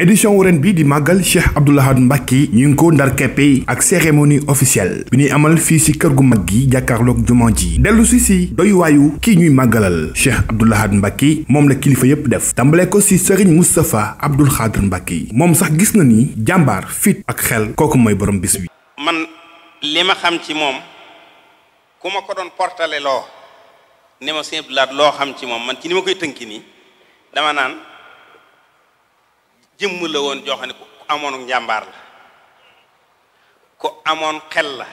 édition wu bii di màggal Cheikh Abdoul Ahad Mbacké ñu ngi ko ndar keppe ak cérémonie officielle bi ñuy amal fii ci kër gu mag gi jàkkaarloog jumaa ji dellusi si si doy kii ñuy màggalal Cheikh Abdoul Ahad Mbacké moom la kilifa yépp def tàmbalee ko ci Serigne Moustapha Abdoul Khadr Mbacké moom sax gis na ni jàmbaar fit ak xel kooku mooy borom bis bi man li ma xam ci moom ku ma ko doon portale loo ne ma sëñ loo xam ci moom man ci ni ma koy tënki jëmm la woon joo xam ne ku amoon njàmbaar la ku amoon xel la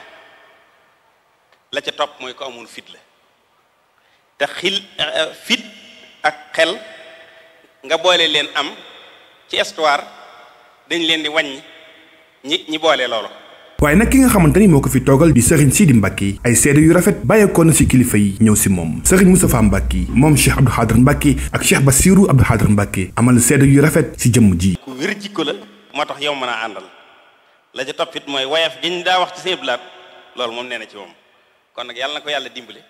la ca topp mooy ku amoon fit la te xil euh, fit ak xel nga boole leen am ci histoire dañ leen di wàññi ñi ñi boole loolu waaye nag ki nga xamante ni moo ko fi toogal di sëriñ Sidi Mbacke ay seede yu rafet bàyyeekoon na si kilifa yi ñëw si moom sëriñ Moustapha Mbacke moom Cheikh Abdou Khadre Mbacke ak Cheikh Bassirou Abdou Khadre Mbacke amal seede yu rafet si jëmm ji ku wér jikko la moo tax yow mën a àndal la toppit mooy wayaf giñ daa wax ci seen blaat loolu moom nee na ci moom kon nag yàlla na ko yàlla dimbale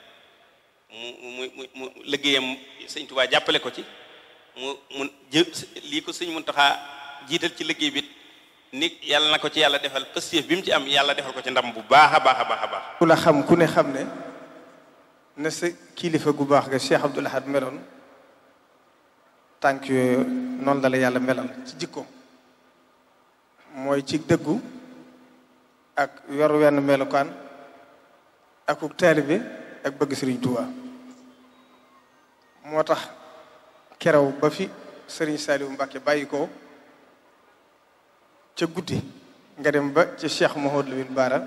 mu mu mu liggéeyam sëñ Tuubaa jàppale ko ci mu mu lii ko sëñ Muntaxa jiital ci liggéey bi ni yàlla na ko ci yàlla defal pëstéef bi mu ci am yàlla defal ko ci ndam bu baax a baax a baax a baax ku xam ku ne xam ne na kilifa gu baax nga Cheikh Abdoul Ahad meloon tànk yooyu noonu la la yàlla meloon ci jikko mooy ci dëggu ak yor wenn melokaan akuk taalibe ak bëgg Sëriñ Tuubaa moo tax kerew ba fi Sëriñ Saaliwu Mbàkke bàyyi ca guddi nga dem ba ci cheikh Mouhamadou Lamine Bara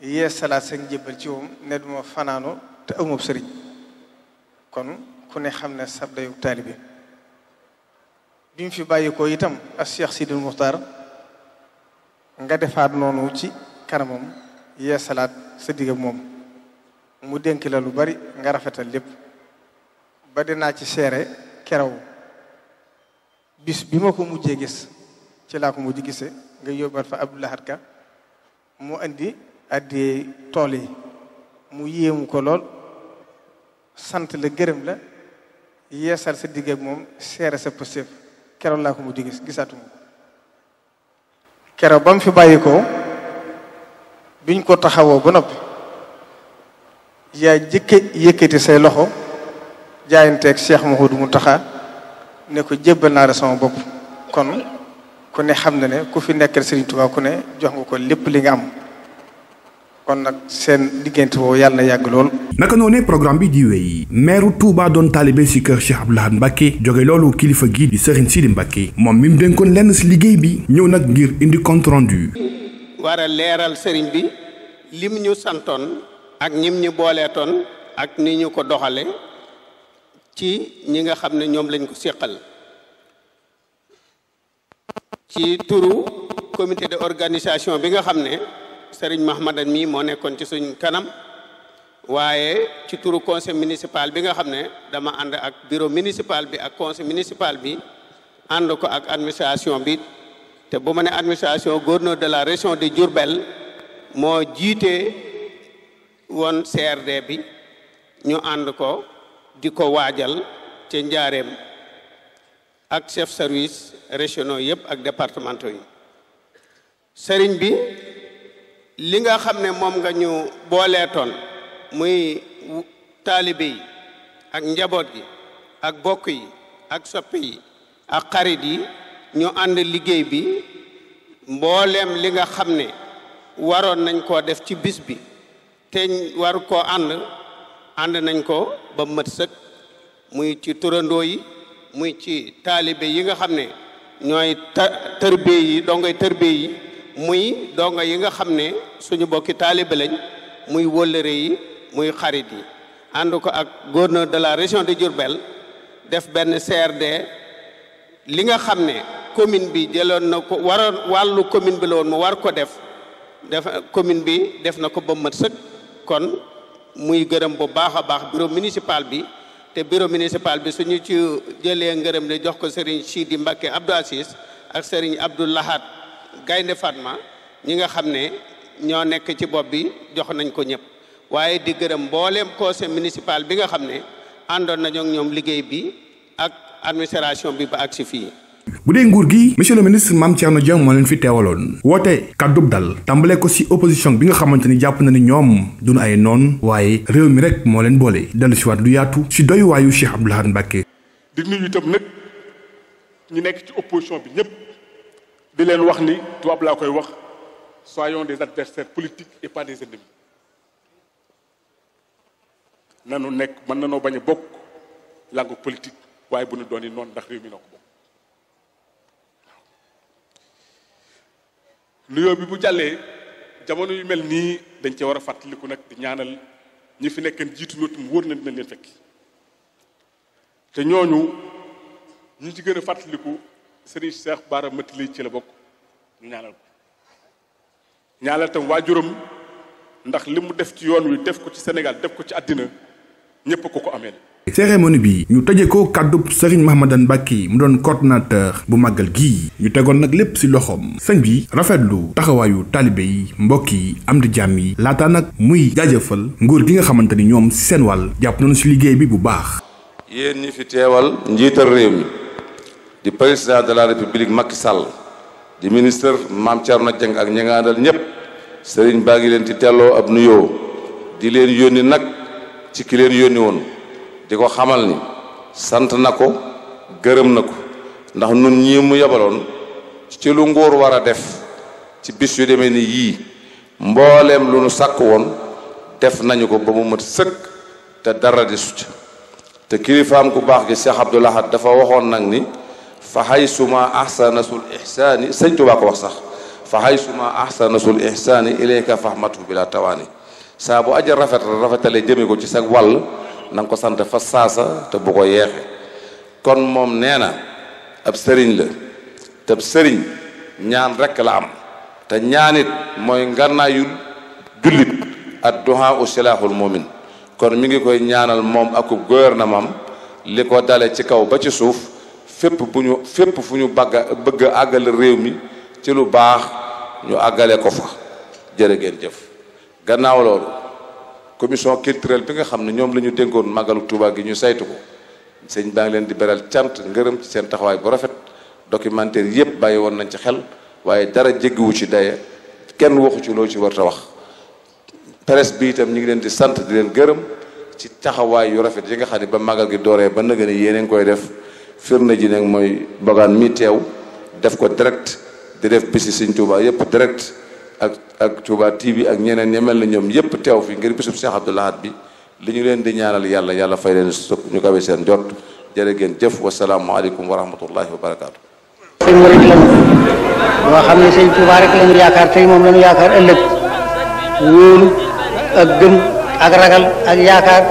yee salaat sa njëbbal ci moom ne duma fanaano te amub sëriñ kon ku ne xam ne sab dayub taalibe bi mu fi bàyyi ko itam ak cheikh Sidil Muxtaar nga defaat noonu ci kanamam yee salaat sa digg moom mu dénk la lu bari nga rafetal lépp ba dinaa ci seere keroog bis bi ma ko mujjee gis ci laa ko mu di gise nga yóbbaat fa Abdou Lahad mu indi addiyee tool yi mu yéemu ko lool sant la gërëm la yeesal sa digg ak moom seere sa pëstéef keroog laa ko mu di gis gisaatuma ko keroog fi bàyyi biñ ko taxawoo ba noppi yaa jëkke yëkkati say loxo jaayanteeg Cheikh Mouhoudou Moutakha ne ko jébbal naa la sama bopp kon ku ne xam na ne ku fi nekkal Serigne Touba ku ne jox nga ko lépp li nga am kon nag seen diggante boobu yàlla na yàgg lool. naka noonee programme bi di yi meeru Touba doon taalibe si kër Cheikh Abdou Lahad Mbacke jóge loolu kilifa gii di Serigne Sidi Mbacke moom mi mu dénkoon lenn si liggéey bi ñëw nag ngir indi compte rendu. war a leeral sëriñ bi lim ñu santoon ak ñim ñu booleetoon ak ni ñu ko doxale ci ñi nga xam ne ñoom lañ ko séqal ci turu commité de organisation bi nga xam ne Serigne Mahmadan mii moo nekkoon ci suñ kanam waaye ci turu conseil municipal bi nga xam ne dama ànd ak bureau municipal bi ak conseil municipal bi ànd ko ak administration bi te bu ma ne administration gouverneur de la région de Diourbel moo jiite woon CRD bi ñu ànd ko di ko waajal ca njaareem ak chef service régionaux yëpp ak départementaux yi sëriñ bi li nga xam ne moom nga ñu booleetoon muy taalibe yi ak njaboot gi ak bokk yi ak soppi yi ak xarit yi ñu ànd liggéey bi mbooleem li nga xam ne waroon nañ koo def ci bis bi te war koo ànd ànd nañ ko ba mët sëkk muy ci turandoo yi muy ci taalibe yi nga xam ne ñooy tërbe yi dongoy tërbe yi muy dongo yi nga xam ne suñu bokki taalibe lañ muy wóllëre yi muy xarit yi ànd ko ak gouverneur de la région de Diourbel def benn CRD li nga xam ne commune bi jëloon na ko waroon wàllu commune bi la woon mu war ko def def commune bi def na ko ba mat sëkk kon muy gërëm bu baax a baax bureau municipal bi te bureau municipal bi suñu ci jëlee ngërëm ne jox ko Serigne Sidi Mbacke Abdou Assis ak Serigne Abdou Lahad Gaynde Fatma ñi nga xam ne ñoo nekk ci bopp bi jox nañ ko ñëpp waaye di gërëm mbooleem conseil municipal bi nga xam ne àndoon nañu ñoom liggéey bi ak administration bi ba agsi fii bu dee nguur gi monsieur le ministre Mame na Dieng moo leen fi teewaloon woote kàddub dal tàmbale ko ci opposition bi nga xamante ni jàpp na ni ñoom duñu ay noon waaye réew mi rek moo leen boole dellu ci waat lu yaatu ci doy waayu Cheikh Abdou Lahad Mbacké di nuyu itam nag ñu nekk ci opposition bi ñëpp di leen wax ni tubaab laa koy wax soyons des adversaires politiques et pas des ennemis nanu nekk mën nanoo bañ a bokk langue politique waaye bu nu doon yi noonu ndax réew mi nuyoo bi bu jàllee jamono yu mel nii dañ cee war a fàttaliku nag di ñaanal ñi fi nekk jiitu loolu tam wóor na dinañ leen fekki te ñooñu ñu ci gën a fàttaliku Serigne Cheikh Bara lii ci la bokk ñu ñaanal ko ñaanal tam ndax li mu def ci yoon wi def ko ci Sénégal def ko ci àddina ñépp ko ko amee cérémonie bi ñu tëje ko kàddub Serigne Mahmadan Mbàkke mu doon coordonnateur bu màggal gii ñu tegoon nag lépp ci loxoom sëñ bi rafetlu taxawaayu taalibe yi mbokk yi am di jàmm yi laata nag muy jaajëfal nguur gi nga xamante ni ñoom ci seen wàll jàpp nañu ci liggéey bi bu baax yéen ñi fi teewal njiital réew mi di président de la république Macky Sall di ministre Mame Thierno Dieng ak ñi nga àndal ñépp sëriñ baa ngi leen di telloo ab nuyoo di leen yónni nag ci ki leen woon di ko xamal ni sant na ko gërëm na ko ndax nun ñii mu yebaloon ci lu nguur war a def ci bis yu demee ni yii mbooleem lu nu sàkk woon def nañu ko ba mu mat sëkk te dara di succ te kilifaam ku baax gi Cheikh Abdoul Ahad dafa waxoon nag ni fa xay suma ahsana sul ihsaani sëñ Tuubaa ko wax sax fa xay suma ahsana sul ihsaani ilayka fahmatu bila tawaani saa boo aja rafet rafetale jëme ko ci sa wàll na ko sant fa saasa te bu ko yeexe kon moom nee na ab sëriñ la te sëriñ ñaan rekk la am te ñaanit mooy ngànnaayul jullit ak duhaa u silaahul mu'min kon mi ngi koy ñaanal moom ak gouvernement li ko dale ci kaw ba ci suuf fépp bu ñu fépp fu ñu bagga bëgg àggal réew mi ci lu baax ñu àggale ko fa jërë ngeen jëf gannaaw loolu commission culturelle bi nga xam ne ñoom lañu ñu dénkoon màggalu Touba gi ñu saytu ko sëñ baa ngi leen di beral cant ngërëm ci seen taxawaay bu rafet documentaire yëpp bàyyi woon nañ ci xel waaye dara jéggiwu ci daye kenn waxu ci loo ci war ta wax presse bi itam ñu ngi leen di sant di leen gërëm ci taxawaay yu rafet yi nga xam ne ba màggal gi dooree ba nëgë ni yéen a ngi koy def firnde ji nag mooy bogaan mi teew def ko direct di def bisi sëñ Touba yëpp direct ak ak Touba TV ak ñeneen ñemel na ñoom yépp teew fi ngir bisub Cheikh Abdou Lahad bi li ñu leen di ñaanal yàlla yàlla fay leen su ñu kawe seen jot jërë geen jëf wasalaamualeykum wa rahmatullahi wa barakaatu. sëñ bi rek lañu ñoo xam ne sëñ Touba ak ragal ak yaakaar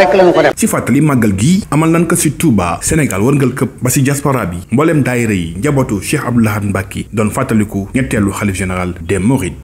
rek lañu ko ci fàttali màggal gii amal nañ ko ci Touba Sénégal wërngal këpp ba ci diaspora bi mbooleem daayira yi njabootu Cheikh Abdoul Ahad Mbacké doon fàttaliku ñetteelu xalif général des Mourides.